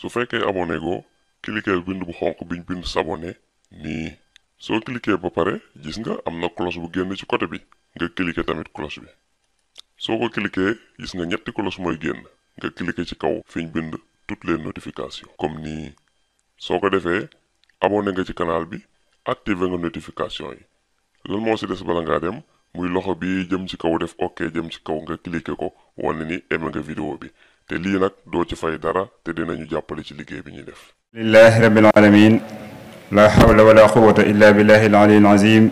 su fekkee abonné go cliquer bind bu xonq biñ bind s'abonner nii soo cliquer ba pare gis nga am na cloche bu génn ci côté bi nga cliquer tamit cloche bi soo ko cliquer gis nga ñetti cloche mooy génn nga cliquer ci kaw fiñ bind toutes les notifications comme nii soo ko defee abonné nga ci canal bi activé nga notification yi lan moo si des bala ngaa dem muy loxo bi jëm ci kaw def ok jëm ci kaw nga cliquer ko wane ni aimé nga vidéo bi te lii nag doo ci fay dara te dinañu jàppale ci liggéey bi ñuy def lillahi rabbil alamin la hawla wala quwwata illa billahi aliyil azim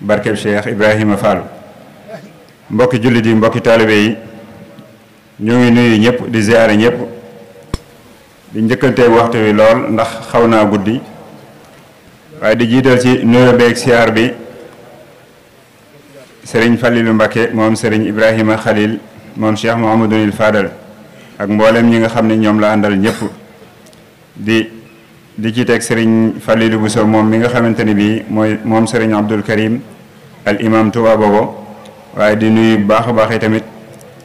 barkeb cheikh ibrahima fall mbokki jullit yi mbokki taalibe yi ñoo ngi nuyu ñëpp di ziare ñëpp di njëkkanteeg waxtu wi lool ndax xaw naa guddi waaye di jiital ci nuyu beeg siyaar bi sëriñ Falilu Mbakke moom sëriñ Ibrahima Khalil moom Cheikh Mouhamadunil Fadal ak mboolem ñi nga xam ne ñoom la àndal ñëpp di di ci teg sëriñ bu Bousso moom mi nga xamante ni bii mooy moom sëriñ Abdul Karim al imam Touba Bogo waaye di nuyu bu baax a baax tamit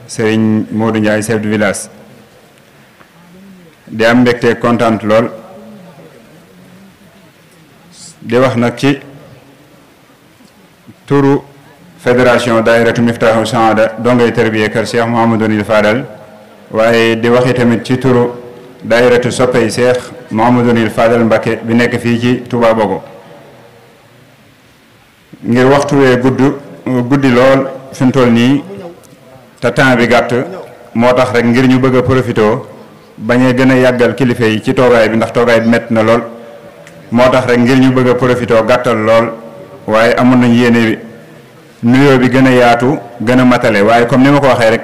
sëriñ Modou Ndiaye chef de village di am mbégte kontaan lool di wax nag ci turu fédération daayiratu Miftahou Saada dongay tërbiye kër Cheikh Mouhamadoul Fadal waaye di waxi tamit ci turu daayiratu soppey seex Mouhamadoul Fadal Mbacké bi nekk fii ci Touba Bogo ngir waxtu wee gudd guddi lool fi mu nii te temps bi gàtt moo tax rek ngir ñu bëgg a profité bañ a gën a yàggal kilifa yi ci toogaay bi ndax toogaay bi métti na lool moo tax rek ngir ñu bëgg a profité gàttal lool waaye amoon nañu yéene nuyoo bi gën a yaatu gën a matale waaye comme ni ma ko waxee rek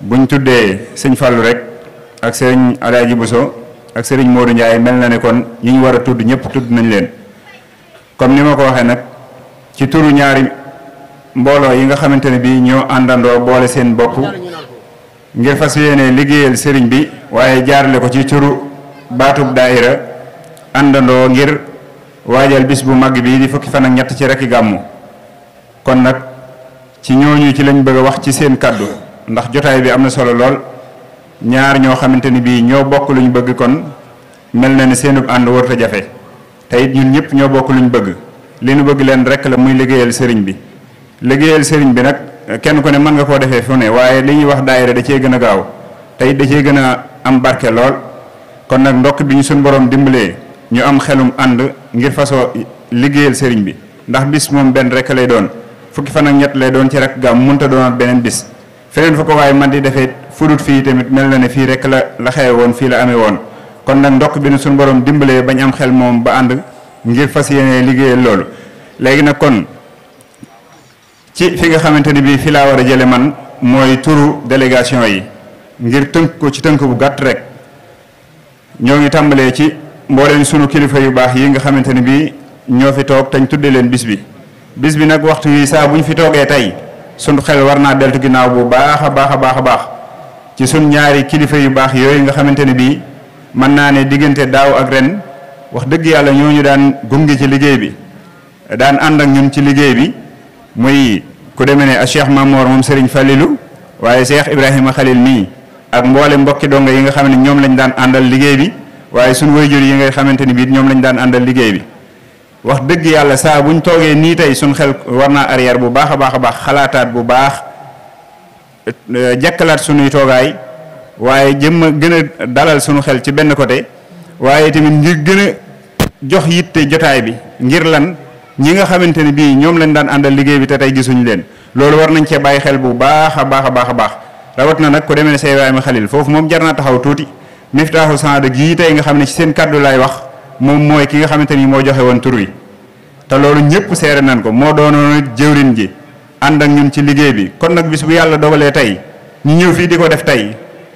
buñ tuddee sëñ fàllu rek ak sëñ bu so ak sëriñ Modou Ndiaye mel na ne kon ñi ñu war a tudd ñëpp tudd nañ leen kon ni ma ko waxee nag ci turu ñaari mbooloo yi nga xamante ne bii ñoo àndandoo boole seen bopp ngir fas yéene liggéeyal sëriñ bi waaye jaarle ko ci turu baatub daayira àndandoo ngir waajal bis bu mag bi di fukki fan ñett ci rekki gàmmu kon nag ci ñooñu ci lañ bëgg a wax ci seen kàddu ndax jotaay bi am na solo lool ñaar ñoo xamante ni bii ñoo bokk luñ bëgg kon mel na ni seenub ànd warut a jafe te it ñun ñëpp ñoo bokk luñ bëgg li nu bëgg leen rek la muy liggéeyal sëriñ bi liggéeyal sëriñ bi nag kenn ku ne mën nga koo defee fu ne waaye li ñuy wax daayira da cee gën a gaaw tey it da cee gën a am barke lool kon nag ndokk bi ñu suñ borom dimbalee ñu am xelum ànd ngir fasoo liggéeyal sëriñ bi ndax bis moom benn rek lay doon fukki fan ak ñett lay doon ci rek gaaw mënta doonaat beneen bis fenen fu way man di defet fudut fii tamit melna ne fii rek la la xewe woon fii la amé won kon nak ndok bi ne sun borom dimbalé bañ am xel mom ba and ngir fasiyene yéene liggéeyal légui nak kon ci fi nga xamanteni bi fi la wara jëlé man moy turu délégation yi ngir teunk ko ci teunk bu gat rek ñoo ngi tambalé ci mbooleen sunu kilifa yu bax yi nga xamanteni bi ñoo fi tok tañ tuddé len bis bi bis bi nak waxtu yi sa buñ fi togué tay sunu xel war naa deltu ginnaaw bu baax a baax a baax a baax ci sun ñaari kilifa yu baax yooyu nga xamante ne bii mën naa ne diggante daaw ak ren wax dëgg yàlla ñu daan gunge ci liggéey bi daan ànd ak ñun ci liggéey bi muy ku demee ne Cheikh Mamour moom Serigne Falilou waaye Cheikh Ibrahima Khalil mii ak mboole mbokki donga yi nga xam ne ñoom lañ daan àndal liggéey bi waaye sunu wayjur yi nga xamante ni bii ñoom lañ daan àndal liggéey bi wax dëgg yàlla saa bu buñ toogee nii tey suñ xel war naa arrière bu baax a baax a baax xalaataat bu baax euh, jakkalaat suñuy toogaay waaye jëm a gën a dalal suñu xel ci benn côté waaye tamit ngir gën a jox yitte jotaay bi ngir lan ñi nga xamante ne bii ñoom lañ daan àndal liggéey bi te tey gisuñ leen loolu war nañ cee bàyyi xel bu baax a baax a baax baax rawat na nag ku demee ne Seex Ibrahima Xalil foofu moom jar naa taxaw tuuti Miftaahu Saada gii tey nga xam ne ci seen kàddu laay wax moom mooy ki nga xamante ni moo joxe woon tur te loolu ñëpp seere nañ ko moo doonoon jëwriñ ji ànd ak ñun ci liggéey bi kon nag bis bu yàlla dogalee tey ñu ñëw fii di ko def tey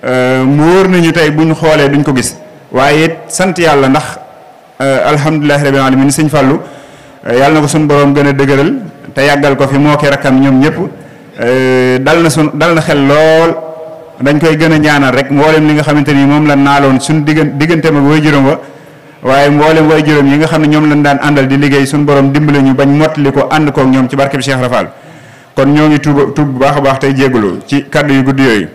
euh, mu wóor nañu tey bu ñu xoolee duñ ko gis waaye it sant yàlla ndax euh, alhamdulilahi rabbil alamin sëñ Fallou euh, yàlla na ko suñu boroom gën a dëgëral te yàggal ko fi moo ki rakkam ñoom ñëpp dal na suñ dal na xel lool dañ koy gën a ñaanal rek mboolem li nga xamante ni moom la naaloon suñu diggan digganteem ak waajuram wa waye mboolem way juróom yi nga xam ñom andal lañ daan andal di liggéey suñu borom dimbali ñu bañ mottali ko ànd koog ñoom ci barke Cheikh Rafal kon ñoo ngi tuub tuub bu baax baax tay jégalu ci kàddu yu gudd yooyu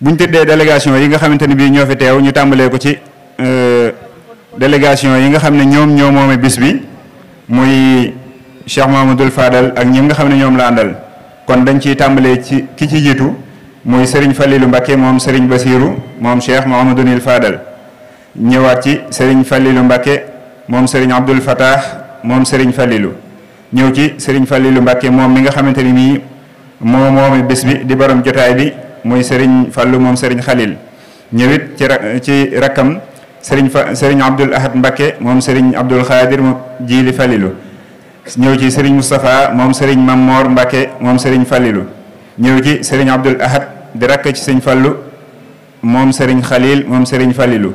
buñ tédé délégation yi nga xamante ne bii ñoo fi ñu tambalé ko ci euh, délégation yi nga xam ñom ñoom ñoo moome bis bi muy Cheikh mamadou Fadal ak ñi nga xam ñom la andal kon dañ ci tambalé ci ki ci jitu muy Serigne fallilu Mbacké mom Serigne Basirou mom Cheikh nil Fadal ñëwaat ci sëriñ Fallilou Mbacke moom sëriñ Abdoul Fatah moom sëriñ Fallilou ñëw ci sëriñ Fallilou Mbacke moom mi nga xamante ni nii moo moomi bés bi di borom jotaay bi muy sëriñ Fallou moom sëriñ Khalil ñëwit ci ci fa sëriñ Abdoul Ahad Mbacke moom sëriñ Abdoul Khadir moom jiili Fallilou ñëw ci sëriñ Moustapha moom sëriñ Mamor Mbacke moom sëriñ Fallilou ñëw ci sëriñ Abdoul di rakk ci sëriñ Fallou moom sëriñ Khalil moom sëriñ Fallilou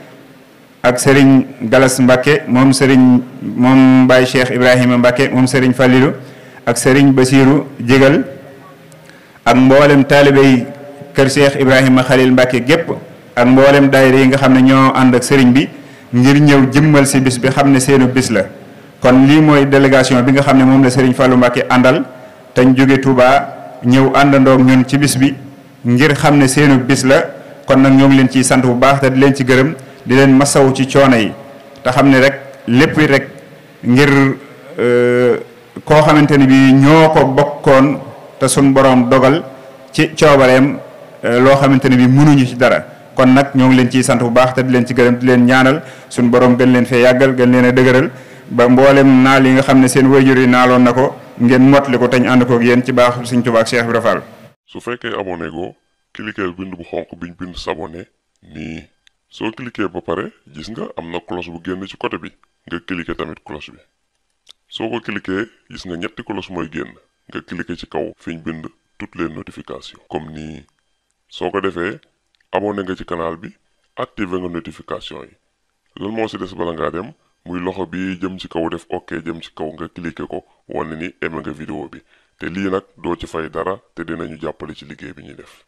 ak sëriñ Galas Mbacke moom sëriñ moom Baye Cheikh Ibrahima Mbacke moom Serigne Fallilou ak sëriñ basiiru jëgal ak mboolem taalibe yi kër Cheikh Ibrahima Khalil Mbacke gépp ak mboolem daayira yi nga xam ne ñoo ànd ak sëriñ bi ngir ñëw jëmmal si bi xam ne seenu bis la. kon lii mooy délégation bi nga xam ne moom la Serigne Fallou Mbacke àndal te ñu jóge ñëw àndandoo ñun ci bis bi ngir xam ne seenu bis la kon nag ñoom ngi leen ciy sant bu baax te di leen ci gërëm. di leen masaw ci coono yi te xam ne rek lépp rek ngir euh, koo xamante ni bi ñoo ko bokkoon te sun borom dogal ci coobareem euh, loo xamante ne bi mënuñu ci dara kon nag ñoo ngi leen ci sant bu baax te di leen ci gërëm di leen ñaanal sun borom gën leen fee yàggal gën leen a dëgëral ba mboolem naal yi nga xam ne seen wayjur yi naaloon na ko ngeen mottali ko teñ ànd koog yéen ci baax Sëñ Tuubaa ak Cheikh Ibra su fekkee abonné go cliquer bind bu xonq biñ bind soo cliquer ba pare gis nga am na cloche bu génn ci côté bi nga cliquer tamit cloche bi soo ko cliquer gis nga ñetti cloche mooy génn nga cliquer ci kaw fi ñu bind toutes les notifications comme nii soo ko defee abonné nga ci canal bi activer nga notification yi lan moo si des bala ngaa dem muy loxo bi jëm ci kaw def ok jëm ci kaw nga cliquer ko wane ni aimé nga vidéo bi te lii nag doo ci fay dara te dinañu jàppale ci liggéey bi ñuy def